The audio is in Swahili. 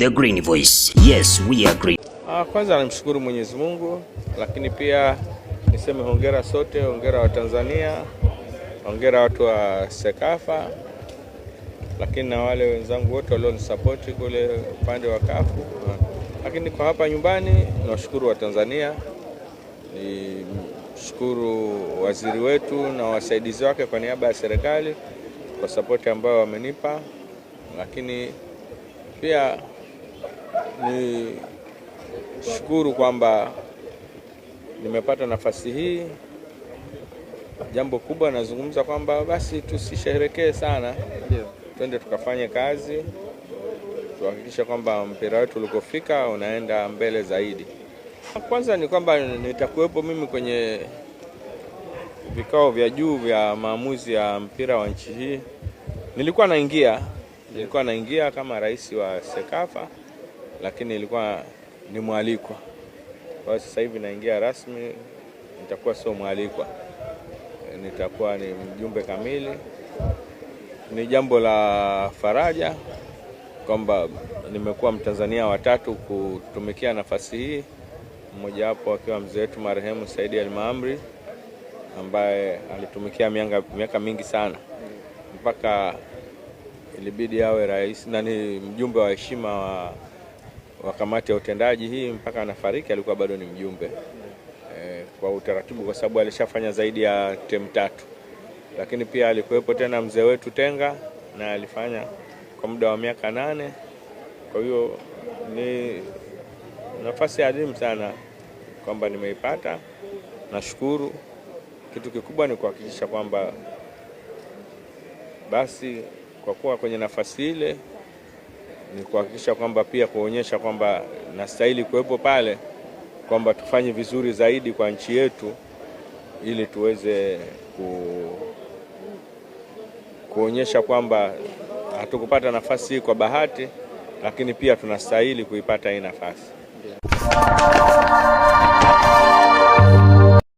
The Green Voice. Yes, we agree. Ah, kwanza namshukuru Mwenyezi Mungu, lakini pia niseme hongera sote, hongera wa Tanzania, hongera watu wa Sekafa, lakini na wale wenzangu wote walionisapoti kule upande wa Kafu, lakini kwa hapa nyumbani nawashukuru wa Tanzania, shukuru waziri wetu na wasaidizi wake kwa niaba ya serikali kwa sapoti ambayo wamenipa, lakini pia ni shukuru kwamba nimepata nafasi hii. Jambo kubwa nazungumza kwamba basi tusisherekee sana, twende tukafanye kazi, tuhakikishe kwamba mpira wetu ulikofika unaenda mbele zaidi. Kwanza ni kwamba nitakuwepo mimi kwenye vikao vya juu vya maamuzi ya mpira wa nchi hii. Nilikuwa naingia nilikuwa naingia kama rais wa Sekafa lakini ilikuwa ni mwalikwa. Kwa hiyo sasa hivi naingia rasmi, nitakuwa sio mwalikwa, nitakuwa ni mjumbe kamili. Ni jambo la faraja kwamba nimekuwa Mtanzania watatu kutumikia nafasi hii, mmojawapo akiwa mzee wetu marehemu Saidi Almaamri ambaye alitumikia mianga, miaka mingi sana mpaka ilibidi awe rais ni mjumbe wa heshima wa wa kamati ya utendaji hii mpaka anafariki alikuwa bado ni mjumbe e, kwa utaratibu, kwa sababu alishafanya zaidi ya temu tatu, lakini pia alikuwepo tena mzee wetu Tenga na alifanya kwa muda wa miaka nane. Kwa hiyo ni nafasi adimu sana kwamba nimeipata, nashukuru. Kitu kikubwa ni kuhakikisha kwamba basi kwa kuwa kwenye nafasi ile ni kuhakikisha kwamba pia kuonyesha kwamba nastahili kuwepo pale, kwamba tufanye vizuri zaidi kwa nchi yetu ili tuweze ku, kuonyesha kwamba hatukupata nafasi hii kwa bahati, lakini pia tunastahili kuipata hii nafasi.